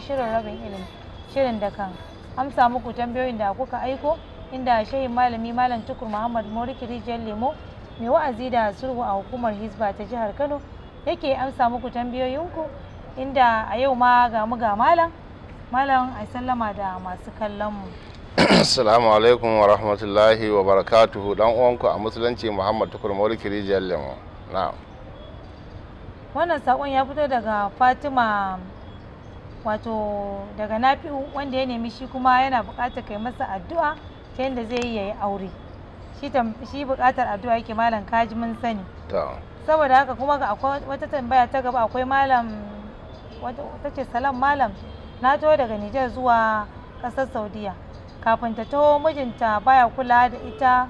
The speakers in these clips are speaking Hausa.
shirin rabin ilimi shirin da kan amsa muku tambayoyin da kuka aiko inda shehin malami malam tukur muhammad moriki rijiyar lemo mai wa'azi da sulhu a hukumar hisba ta jihar kano yake amsa muku tambayoyinku inda a yau ma ga mu ga malam malam a sallama da masu kallon mu assalamu alaikum wa rahmatullahi wa barakatuhu dan uwanku a musulunci muhammad tukur moriki rijiyar lemo na'am wannan saƙon ya fito daga fatima wato daga nafi'u wanda ya nemi shi kuma yana buƙatar kai masa addu'a ta yadda zai yi ya yi aure shi buƙatar addu'a yake malam kaji mun sani saboda haka kuma ga wata tambaya ta gaba akwai malam wata ce salam malam na taho daga Nijar zuwa ƙasar Saudiya kafin ta taho mijinta baya kula da ita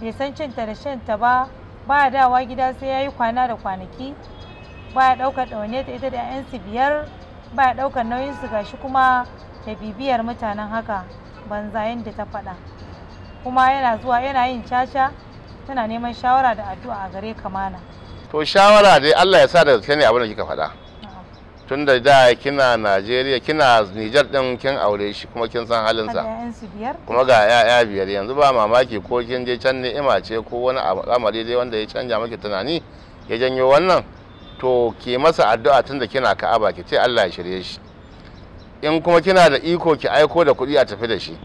bai san cinta da shanta ba baya dawa gida sai ya yi kwana da kwanaki baya ɗaukar ɗaune ta ita da yayansu biyar ba ɗaukar nauyin su gashi kuma da bibiyar mutanen haka banza yadda ta faɗa kuma yana zuwa yana yin caca tana neman shawara da addu'a a gare kamana. to shawara dai Allah ya sa da gaske ne abin da kika faɗa tun da da kina Najeriya kina Nijar din kin aure shi kuma kin san halinsa kuma ga ya'ya biyar yanzu ba mamaki ko kin je can ima ce ko wani al'amari dai wanda ya canja maki tunani ya janyo wannan to ke masa addu'a tun da kina ka'aba ki ce Allah ya shirye shi in kuma kina da iko ki aiko da kuɗi a tafi da shi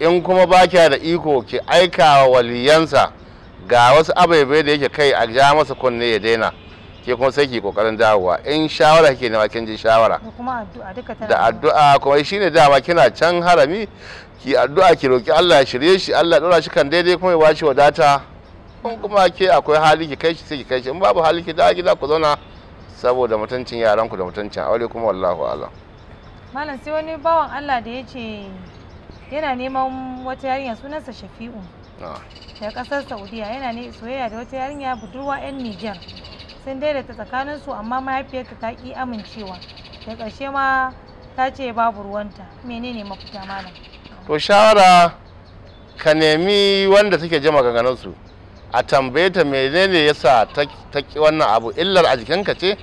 in kuma ba da iko ki aika wa waliyansa ga wasu abaibai da yake kai a ja masa kunne ya daina ke kuma sai ki kokarin dawowa in shawara kike nema kin ji shawara da addu'a kuma shine dama kina can harami ki addu'a ki roki Allah ya shirye shi Allah ya dora shi kan daidai kuma ya bashi wadata in kuma ke akwai hali ki kai shi sai ki kai shi in babu hali ki da gida ku zauna saboda mutuncin yaranku da mutuncin aure kuma wallahu alam malam sai wani bawan Allah da ya ce yana neman wata yarinya sunansa Shafi'u ah. da kasar Saudiya yana ne soyayya da wata yarinya budurwa 'yan Niger, sun daidaita tsakanin su amma mahaifiyarta ta ki amincewa da ƙarshe ma ta ce babu ruwanta menene mafita malam to shawara ka nemi wanda suke jama'a ganganin su a tambaye ta menene yasa ta ki wannan abu illar a jikinka ce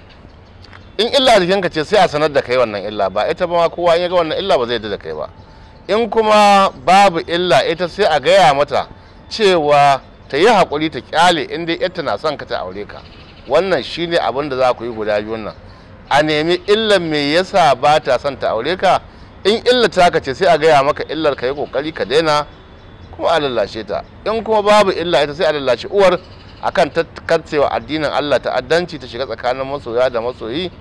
in illa a jikinka ce sai a sanar da kai wannan illa ba ita ba kowa in ya ga wannan illa ba zai da kai ba in kuma babu illa ita sai a gaya mata cewa ta yi haƙuri ta kyale inda dai ita na son ka ta aure ka wannan shine abin da za ku yi guda biyun nan a nemi illar me yasa ba ta son ta aure ka in illa ta ka ce sai a gaya maka illar ka yi kokari ka daina kuma a lallashe ta in kuma babu illa ita sai a lallashe uwar a kan tattancewa addinin Allah ta'addanci ta shiga tsakanin masoya da masoyi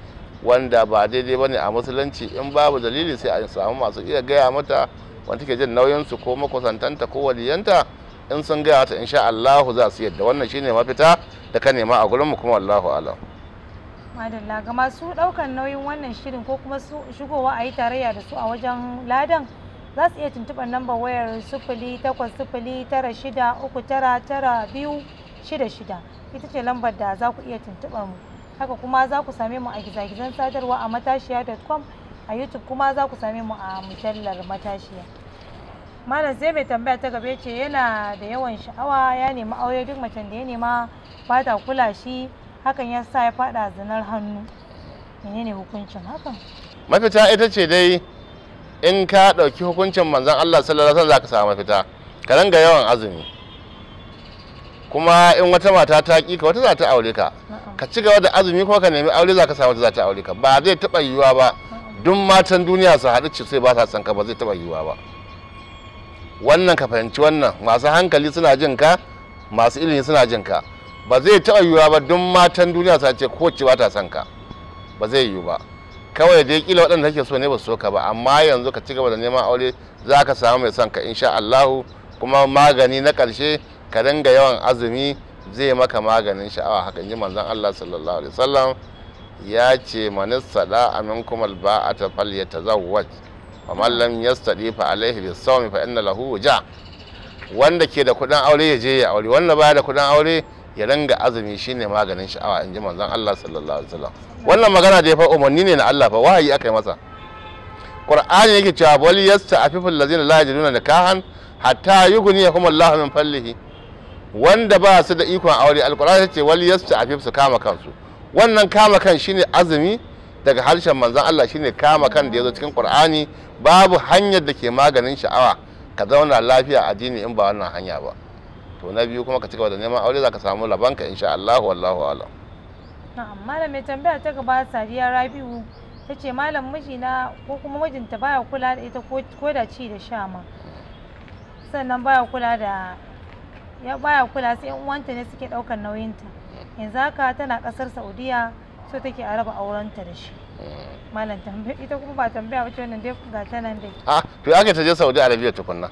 wanda ba daidai ba ne a musulunci in babu dalili sai a samu masu iya gaya mata wanda take jin nauyin su ko makusantanta ko waliyanta in sun gaya ta insha Allah za su yadda wannan shine mafita da ka nema a gurin mu kuma wallahu alam madalla ga masu daukan nauyin wannan shirin ko kuma su shigowa a yi tarayya da su a wajen ladan za su iya tuntuɓar lambar wayar sufuli takwas sufuli tara shida uku tara tara biyu shida shida ita ce lambar da za ku iya tuntuɓar mu haka kuma za ku same mu a gizagizan sadarwa a matashiya.com a youtube kuma za ku same mu a mujallar matashiya malam sai mai tambaya ta gabe ce yana da yawan sha'awa ya nemi aure duk macen da ya nema ba ta kula shi hakan ya sa ya fada zinar hannu menene hukuncin hakan mafita ita ce dai in ka ɗauki hukuncin manzan Allah sallallahu alaihi wasallam ka samu mafita ka ranga yawan azumi kuma in wata mata ta ki ka wata za ta aure ka ka ci gaba da azumi kuma ka nemi aure za ka samu wata za ta aure ka ba zai taɓa yiwuwa ba duk matan duniya su haɗu ci sai ba sa san ka ba zai taɓa yiwuwa ba wannan ka fahimci wannan masu hankali suna jin ka masu ilimi suna jin ka ba zai taɓa yiwuwa ba duk matan duniya su ce ko ce ba ta san ka ba zai yiwu ba kawai dai kila waɗanda kake so ne ba su soka ba amma yanzu ka ci gaba da neman aure za ka samu mai son ka insha Allahu kuma magani na ƙarshe ka dinga yawan azumi zai maka maganin sha'awa haka ji manzon Allah sallallahu alaihi wasallam ya ce manis sada amin kuma ba'ata fal yatazawwaj wa man lam yastadi fa alaihi bisawmi fa inna lahu ja wanda ke da kuɗin aure ya je ya aure wanda baya da kuɗin aure ya ranga azumi shine maganin sha'awa in ji manzon Allah sallallahu alaihi wasallam wannan magana da ya fa umarni ne na Allah fa wahayi aka yi masa qur'ani yake cewa wal yasta'afifu allazina la yajiduna nikahan hatta yughniyahum Allah min fallihi wanda ba su da ikon aure alqur'ani ce wal afif su kama kansu wannan kama kan shine azumi daga harshen manzon Allah shine kama kan da yazo cikin qur'ani babu hanyar da ke maganin sha'awa ka zauna lafiya a addini in ba wannan hanya ba to na biyu kuma ka cigaba da neman aure za ka samu labanka insha Allah wallahu alam na'am malam mai tambaya ta gaba Sadiya Rabiu tace ce malam mijina ko kuma mijinta baya kula da ita ko da ci da sha ma sannan baya kula da ya baya kula sai yan uwanta ne suke daukar nauyinta yanzu haka tana kasar Saudiya so take a raba aurenta da shi malam tambaya ita kuma ba tambaya ba ce wannan dai ga ta nan dai ha ah, to ake ta je Saudi Arabia tukunna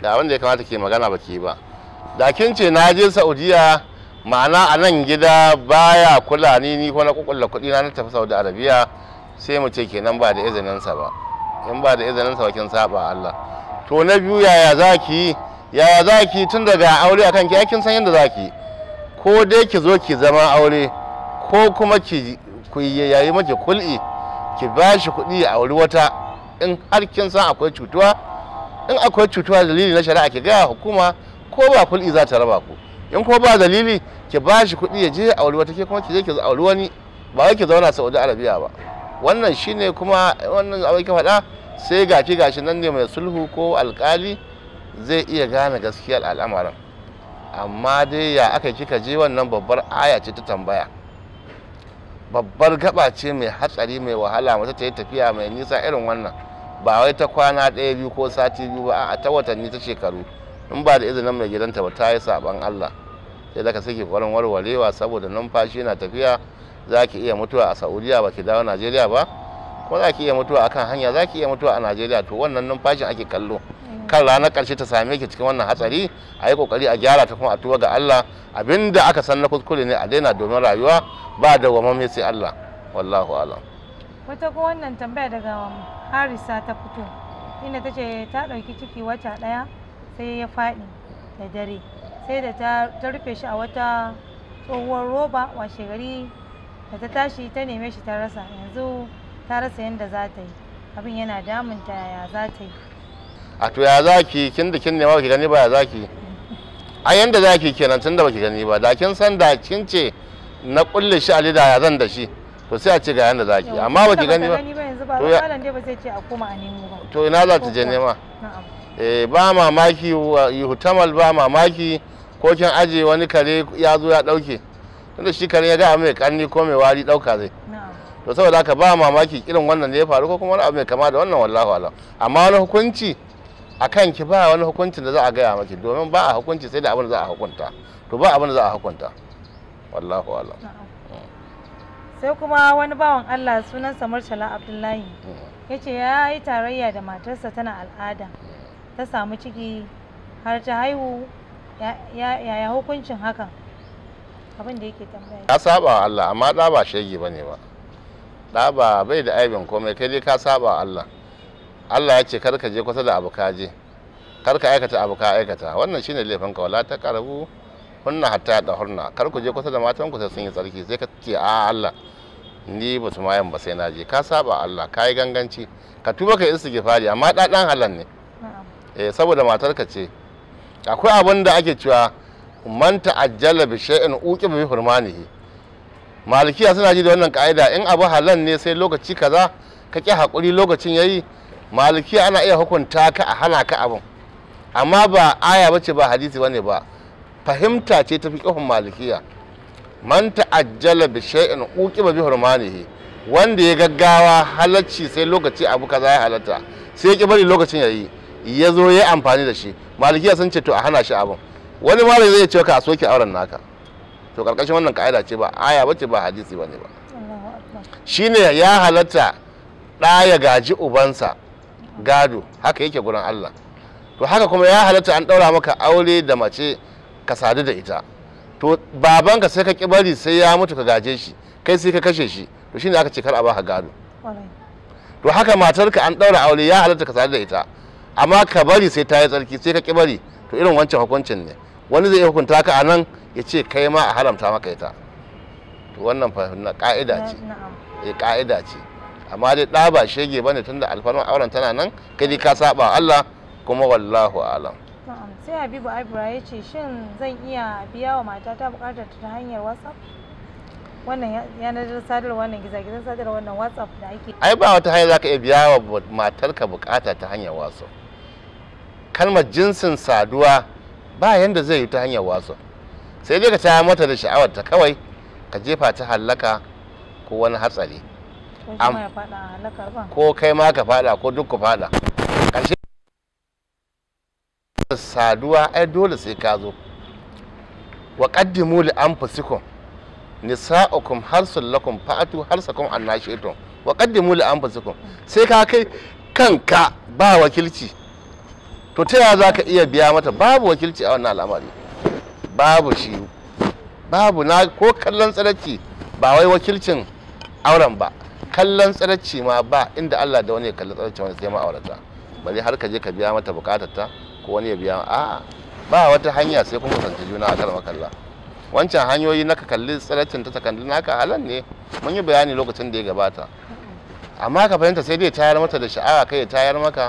da abin da ya kamata ke magana ba ke ba da kin ce na je saudiya ma'ana a nan gida baya kula ni ni ko na kukulla kuɗi na tafi saudi arabiya sai mu ce kenan ba da izinin sa ba in ba da izinin sa kin saba Allah to na biyu yaya zaki yaya zaki tun daga aure akan ki kin san yadda zaki ko dai ki zo ki zama aure ko kuma ki ku yayi miki kul'i ki bashi kuɗi a auri wata in har kin san akwai cutuwa in akwai cutuwa dalili na shari'a ki ga hukuma ko ba kul'i za ta raba ku in ko ba dalili ki ba shi kuɗi ya je a wata ke kuma ki je ki auri wani ba wai ki zauna Saudi Arabia ba wannan shine kuma wannan abin ki faɗa sai gashi gashi nan ne mai sulhu ko alkali zai iya gane gaskiyar al'amarin amma dai ya aka kika je wannan babbar aya ce ta tambaya babbar gaba ce mai hatsari mai wahala mata ta yi tafiya mai nisa irin wannan ba wai ta kwana ɗaya biyu ko sati biyu ba a ta watanni ta shekaru in ba da izinin mai gidanta ba ta yi saban Allah sai daga suke kwarin warwarewa saboda numfashi na tafiya za ki iya mutuwa a Saudiya ba ki dawo Najeriya ba ko za ki iya mutuwa a kan hanya za ki iya mutuwa a Najeriya to wannan numfashin ake kallo kan ranar karshe ta same ki cikin wannan hatsari a yi kokari a gyara ta kuma a tuwa ga Allah abinda aka san na kuskure ne a daina domin rayuwa ba da wamame sai Allah wallahu alam wata ko wannan tambaya daga Harisa ta fito inda ta ce ta ɗauki ciki wata ɗaya sai ya faɗi da dare sai da ta rufe shi a wata tsohuwar roba washe gari da ta tashi ta neme shi ta rasa yanzu ta rasa yadda za ta yi abin yana damunta ya za ta yi a to ya za ki kin da kin nema ki gani ba ya za ki a yanda za ki kenan tun da ba ki gani ba da kin san da kin ce na kulle shi a lida ya zan da shi to sai a ce ga yanda za ki amma ki gani ba to ya to ina za ta je nema Eh, ba mamaki hutamal ba mamaki ko kin aje wani kare ya zo ya dauke tunda shi kare ya ga mai karni ko mai wari dauka zai to saboda haka ba mamaki irin wannan ne ya faru ko kuma wani abu mai kama da wannan wallahi alam amma wani hukunci a kan ki ba wani hukuncin da za a gaya maki domin ba a hukunci sai da abin da za a hukunta to ba abin da za a hukunta wallahi alam sai kuma wani bawan Allah sunansa Murtala Abdullahi mm. yace ya yi tarayya da matarsa tana al'ada mm. ta samu ciki har ta haihu yaya hukuncin hakan abin da yake tambaya ka saba wa Allah amma da ba shege bane ba da ba bai da aibin komai kai dai ka saba wa Allah Allah ya ce kar ka je kusa da abu ka je kar ka aikata abu ka aikata wannan shine ka wala ta karabu hunna hatta da hunna kar ku je kusa da matan ku sai sun yi tsarki sai ka ce a Allah ni ba su mayan ba sai na je ka saba Allah ka yi ganganci ka tuba ka yi istighfari amma da dan halan ne eh saboda matarka ce akwai abin da ake cewa man ta'ajjala bi shay'in uqiba bi hurmanihi malikiya suna ji da wannan ka'ida in abu halal ne sai lokaci kaza ka ki hakuri lokacin yayi malikiya ana iya hukunta ka a hana ka abin amma ba aya bace ba hadisi bane ba fahimta ce ta fiqhun malikiya man ta'ajjala bi shay'in uqiba bi hurmanihi wanda ya gaggawa halacci sai lokaci abu kaza ya halatta sai ya ki bari lokacin yayi ya zo ya amfani da shi malikiya sun ce to a hana shi abin wani malami zai ce ka soke auren naka to karkashin wannan ka'ida ce ba aya bace ba hadisi bane ba shine ya halatta ɗaya ya gaji ubansa gado haka yake gurin Allah to haka kuma ya halatta an ɗaura maka aure da mace ka sadu da ita to babanka sai ka bari sai ya mutu ka gaje shi kai sai ka kashe shi to shine aka ce kar a baka gado to haka matarka an ɗaura aure ya halatta ka sadu da ita amma ka bari sai ta yi tsarki sai ka ki bari to irin wancan hukuncin ne wani zai hukunta ka a nan ya ce kai ma a haramta maka ita to wannan fahimta ka'ida ce eh ka'ida ce amma dai ɗa ba shege bane tunda alfarman auren tana nan kai dai ka saba Allah kuma wallahu alam sai habibu aibura ya ce shin zan iya biya wa matata bukatar ta hanyar whatsapp wannan yanar sadarwa wannan gizagizan sadarwa wannan whatsapp da ake ai ba wata hanya za ka iya biya wa matarka bukata ta hanyar whatsapp kalmar jinsin saduwa ba yanda zai yi ta hanyar wasu sai dai ka ta mata da sha'awar ta kawai ka jefa ta hallaka ko wani hatsari ko kai ma ka fada ko duk ku fada ƙarshe saduwa ai dole sai ka zo wa qaddimu li anfusikum nisa'ukum harsul lakum fa'atu harsakum annashitum wa qaddimu li anfusikum sai ka kai kanka ba wakilci to ta yaya za ka iya biya mata babu wakilci a wannan al'amari babu shi babu na ko kallon tsaraki ba wai wakilcin auren ba kallon tsaraki ma ba inda Allah da wani ya kalli tsaraki wani sai ma aurata bari har ka je ka biya mata bukatarta ko wani ya biya a ba wata hanya sai kun kusanci juna a karma kalla wancan hanyoyi na ka kalli tsarakin ta takandu naka halan ne mun yi bayani lokacin da ya gabata amma ka fahimta sai dai tayar mata da sha'awa kai ya tayar maka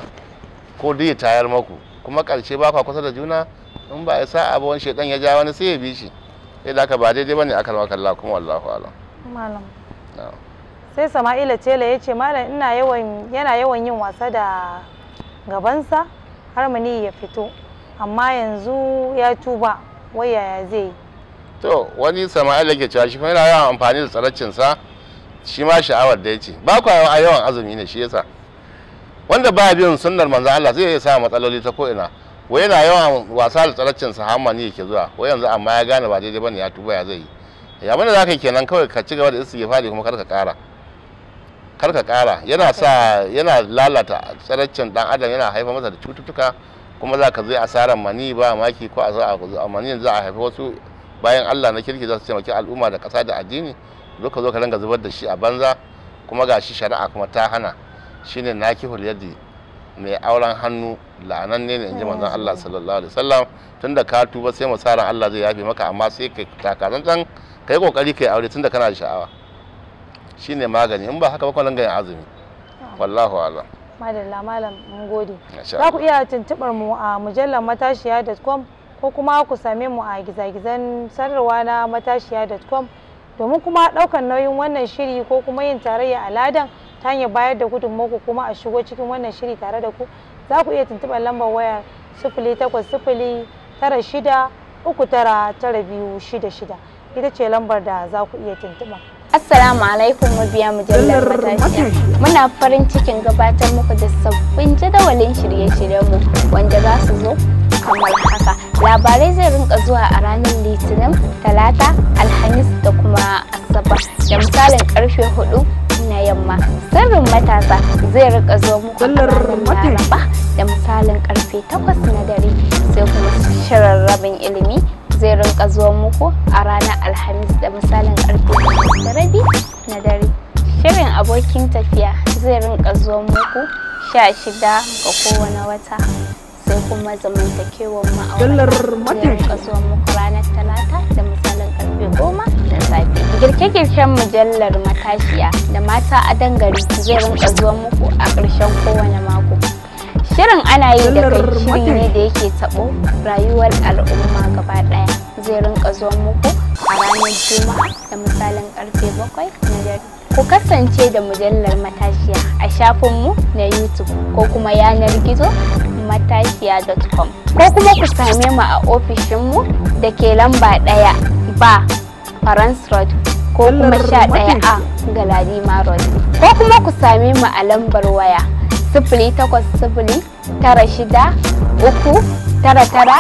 ko duk ya tayar maku kuma ƙarshe ba kwa kusa da juna in ba ya sa'a ba wani shekan ya ja wani sai ya bi shi sai da ba daidai bane akan wa kalla kuma wallahu alam malam sai sama'ila tela ya ce malam ina yawan yana yawan yin wasa da gabansa har mani ya fito amma yanzu ya tuba wai yaya zai yi to wani sama'ila ke cewa shi kuma yana yawan amfani da tsaraccinsa sa shi ma sha'awar da ya ce ba kwa yawan azumi ne shi yasa wanda ba biyan sunnar manzo Allah zai iya sa matsaloli ta ko ina wai yana yawan wasa da sa sahama ne yake zuwa wai yanzu amma ya gane ba daidai bane ya tuba ya zai ya bane zaka kenan kawai ka ci gaba da istighfari kuma kar ka kara kar ka kara yana sa yana lalata tsaraccin dan adam yana haifa masa da cututtuka kuma za zai asaran mani ba maki ko a mani za a haifi wasu bayan Allah na kirki za su taimaki al'umma da ƙasa da addini zo ka zo ka ranga zubar da shi a banza kuma ga shi shari'a kuma ta hana shine ki yadi mai auren hannu la'ananne ne in ji manzon Allah sallallahu alaihi wasallam tunda ka tuba sai masaran Allah zai yafe maka amma sai kai takazantan kai kokari kai aure tunda kana da sha'awa shine magani in ba haka ba kullun langa azumi wallahi wala madalla malam mun gode za ku iya tuntubar mu a mujallar matashiya.com ko kuma ku same mu a gizagizan sarrawa na matashiya.com domin kuma daukan nauyin wannan shiri ko kuma yin tarayya a ladan ta hanyar bayar da ku kuma a shigo cikin wannan shiri tare da ku za ku iya tuntuɓar lambar waya sifili takwas sifili tara shida uku tara tara biyu shida shida ita ce lambar da za ku iya tuntuɓa. Assalamu alaikum mabiya mujallar matashiya. Muna farin cikin gabatar muku da sabbin jadawalin shirye-shiryenmu wanda za su zo kamar haka. Labarai zai rinka zuwa a ranar Litinin, Talata, Alhamis da kuma Asabar da misalin karfe hudu na yamma sirrin matasa zai rika zo muku a laraba da misalin karfe 8 na dare sai kuma shirin rabin ilimi zai rinka zo muku a ranar alhamis da misalin karfe da na dare shirin abokin tafiya zai rinka zo muku sha shida ga kowane wata sai kuma zamantakewar ma'aurata zai rinka zo muku ranar talata Girke-girken mujallar matashiya da mata a dangare zai rinka zuwa muku a ƙarshen kowane mako. Shirin ana yi da kai ne da yake taɓo rayuwar al'umma gaba ɗaya zai rinka zuwa muku a ranar Juma'a da misalin ƙarfe bakwai na dare. Ku kasance da mujallar matashiya a shafinmu na YouTube ko kuma yanar gizo matashiya.com ko kuma ku same mu a ofishinmu da ke lamba ɗaya ba Farans Road ko kuma sha ɗaya a galadi road ko kuma ku sami mu a lambar waya sifili takwas sifili tara shida uku tara tara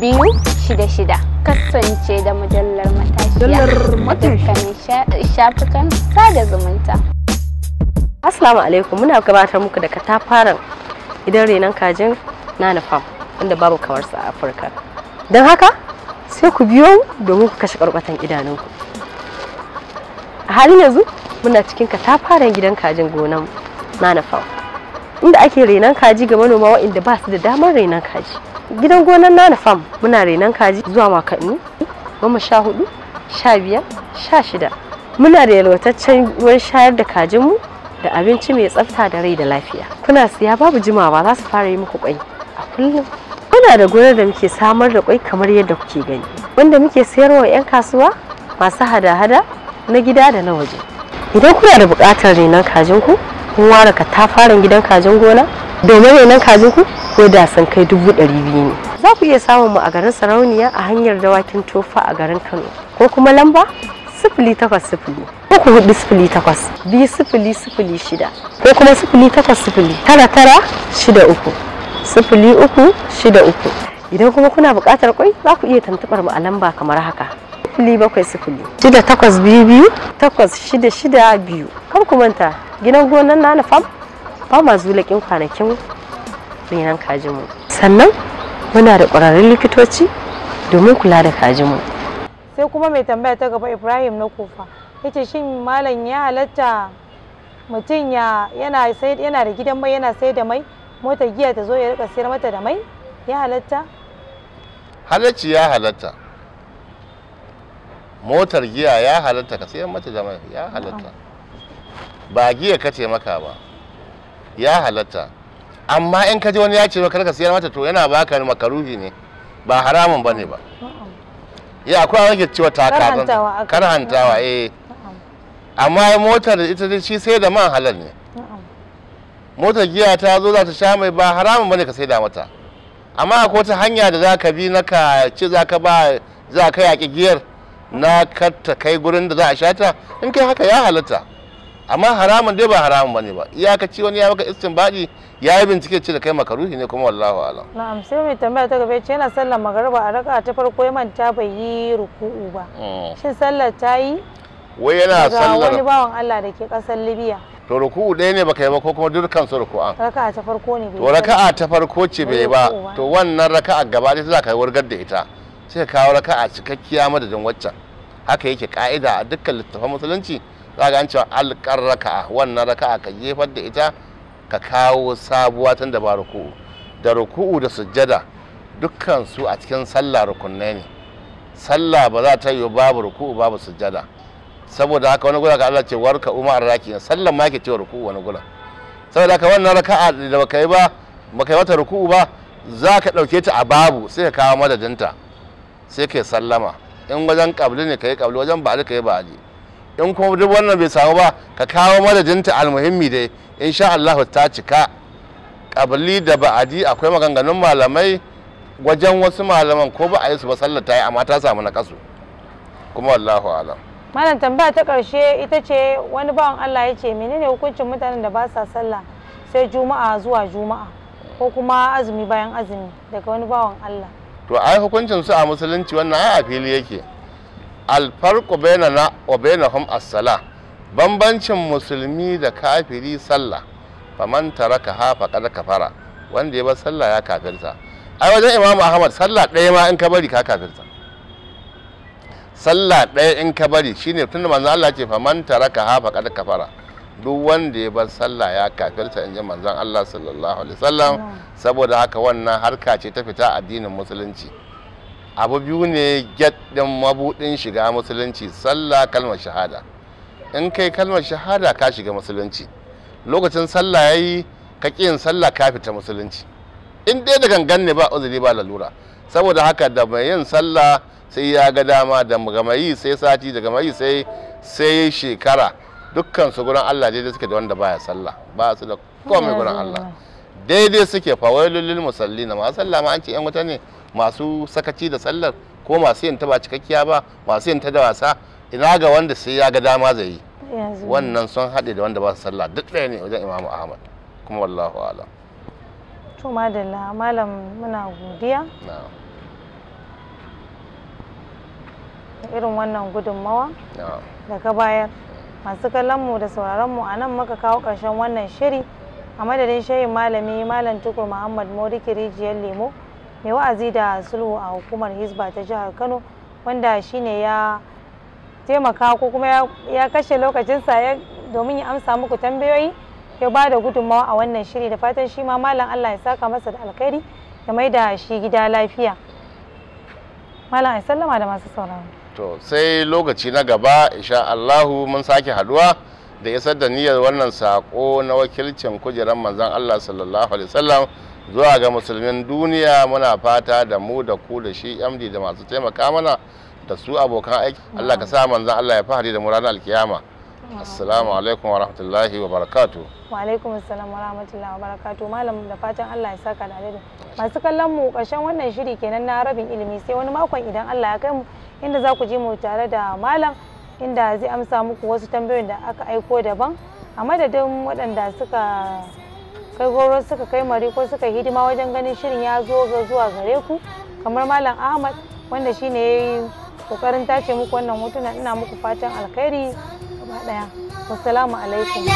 biyu shida shida kasance da mujallar matashiya a dukkanin shafukan sada zumunta Assalamu alaikum muna gabatar muku da katafaren idan renon kajin na Farm inda babu kamar sa a Afirka. Don haka sai ku biyo domin ku kashe karbatan idanunku. a halin yanzu muna cikin katafaren gidan kajin gonan nana inda ake renon kaji ga manoma waɗanda ba su da damar renon kaji gidan gonan nana farm muna renon kaji zuwa makanni goma sha hudu sha biyar sha shida muna da yalwataccen ruwan shayar da kajinmu da abinci mai tsafta da rai da lafiya kuna siya babu jimawa za su fara yi muku kwai a kullum muna da gonar da muke samar da kwai kamar yadda kuke gani wanda muke sayarwa 'yan kasuwa masu hada-hada na gida da na waje idan kuna da bukatar renon kajin ku kun ware katafaren gidan kajin gona domin renon kajin ku ko da sun kai dubu ɗari biyu ne za ku iya samun mu a garin sarauniya a hanyar dawakin tofa a garin kano ko kuma lamba sifili takwas sifili uku hudu sifili takwas biyu sifili sifili shida ko kuma sifili takwas sifili tara tara shida uku sifili uku shida uku idan kuma kuna buƙatar kwai za ku iya tuntuɓar mu a lamba kamar haka sifili bakwai sifili shida takwas biyu biyu takwas shida shida biyu kan ku manta gidan gonan na na fam ba ma zulakin kwanakin renan kajinmu sannan muna da ƙwararrun likitoci domin kula da mu. sai kuma mai tambaya ta gaba ibrahim na kofa yace shin malam ya halatta mutum ya yana sai yana da gidan mai yana sai da mai motar giya ta zo ya rika sayar mata da mai ya halatta halacci ya halatta motar giya ya halatta ka sayan mata zama ya halatta ba giya ka ce maka ba ya halatta amma in ka ji wani ya ce maka ka sayar mata to yana baka makaruhi ne ba haramun bane ba ya akwai wani ke cewa kana hantawa eh amma motar ita ce shi sai da man halal ne motar giya ta zo za ta sha mai ba haramun bane ka sai da mata amma akwai wata hanya da za ka bi na ka ce za ka ba za ka yaƙi giyar na katta kai gurin da za a shata in kai haka ya halatta amma haramun dai ba haramun bane ba iyakaci wani ya maka istinbadi ya yi bincike ce da kai makaruhi ne kuma wallahu alam na'am sai mai tambaya ta gaba ce yana sallar magariba a raka ta farko yaman manta bai yi ruku'u ba hmm. shin sallar ta yi wai yana sallar wani bawan Allah da ke kasar Libya to ruku'u ɗaya ne baka yi ba ko kuma dukkan su ruku'an raka'a ta farko ne to raka'a ta farko ce bai ba to wannan raka'a gaba ɗaya za ka wargar da ita sai kawo raka'a cikakkiya madadin waccan haka yake ka'ida a dukkan littafan musulunci za ga an cewa alƙar raka'a wannan raka'a ka jefar da ita ka kawo sabuwa tun da ba ruku'u da ruku'u da sujjada dukkan su a cikin sallah rukunne ne sallah ba za ta yi babu ruku'u babu sujjada saboda haka wani gura ka Allah ce warka umar raki sallan ma yake cewa ruku'u wani gura saboda haka wannan raka'a da baka yi ba baka yi mata ruku'u ba za ka ɗauke ta a babu sai ka kawo madadinta sai ka sallama in wajen kabli ne ka yi kabli wajen ba'ali ka yi ba'ali in kuma duk wannan bai samu ba ka kawo madadinta almuhimmi dai sha Allah ta cika kabli da ba'adi akwai maganganun malamai wajen wasu malaman ko ba a yi su ba sallar ta yi amma ta samu na kuma wallahu alam malam tambaya ta karshe ita ce wani bawan Allah ya ce menene hukuncin mutanen da ba sa sallah sai juma'a zuwa juma'a ko kuma azumi bayan azumi daga wani bawan Allah to ai hukuncin su a musulunci wannan a fili yake alfarqu bainana wa bainahum as-salah bambancin musulmi da kafiri sallah faman taraka ha faqad kafara wanda ya bar sallah ya kafirta ai wajen imam ahmad sallah ɗaya ma in ka bari ka kafirta sallah ɗaya in ka bari shine tunda manzo Allah ce faman taraka ha faqad kafara duk wanda ya bar sallah ya kafirta in ji manzon Allah sallallahu alaihi wasallam saboda haka wannan harka ce ta fita addinin musulunci abu biyu ne gaddin mabudin shiga musulunci sallah kalmar shahada in kai kalmar shahada ka shiga musulunci lokacin sallah yayi ka yin sallah ka fita musulunci in dai da gangan ne ba uzuri ba lalura saboda haka da mai yin sallah sai ya ga dama da gamayi sai sati da gamayi sai sai shekara dukkan su gurin Allah daidai suke da wanda baya sallah ba su da komai gurin Allah daidai suke fa wailulil musalli na masu sallah ma an ce yan wuta ne masu sakaci da sallar ko masu yin ta ba cikakkiya ba masu yin ta da wasa ina ga wanda sai ya ga dama zai yi wannan sun haɗe da wanda ba su sallah duk ɗaya ne wajen imamu ahmad kuma wallahu alam to madalla malam muna godiya irin wannan gudunmawa daga bayan masu kallon mu da sauraron mu a nan muka kawo ƙarshen wannan shiri a madadin shehin malami malam tukur muhammad moriki rijiyar lemo mai wa'azi da sulhu a hukumar hisba ta jihar kano wanda shine ya taimaka ko kuma ya kashe lokacinsa domin ya amsa muku tambayoyi ya ba da gudunmawa a wannan shiri da fatan shi ma malam allah ya saka masa da alkhairi ya mai da shi gida lafiya malam a sallama da masu sauraro to sai lokaci na gaba isha Allahu mun sake haduwa da isar da niyyar wannan sako na wakilcin kujerar manzan Allah sallallahu alaihi wasallam zuwa ga musulmin duniya muna fata da mu da ku da shi yamdi da masu taimaka mana da su abokan aiki Allah ka sa manzan Allah ya fahari da mu ranar alkiyama assalamu alaikum wa rahmatullahi wa barakatu wa alaikum assalam wa rahmatullahi wa barakatu malam da fatan Allah ya saka da alaikum masu kallon mu karshen wannan shiri kenan na rabin ilimi sai wani makon idan Allah ya kai mu inda za ku ji mu tare da malam inda zai amsa muku wasu tambayoyin da aka aiko daban a madadin waɗanda suka kai goro suka kai mari ko suka hidima wajen ganin shirin ya zo ga zuwa gare ku kamar malam ahmad wanda shine ya yi kokarin tace muku wannan hotuna ina muku fatan alkhairi gaba daya wassalamu alaikum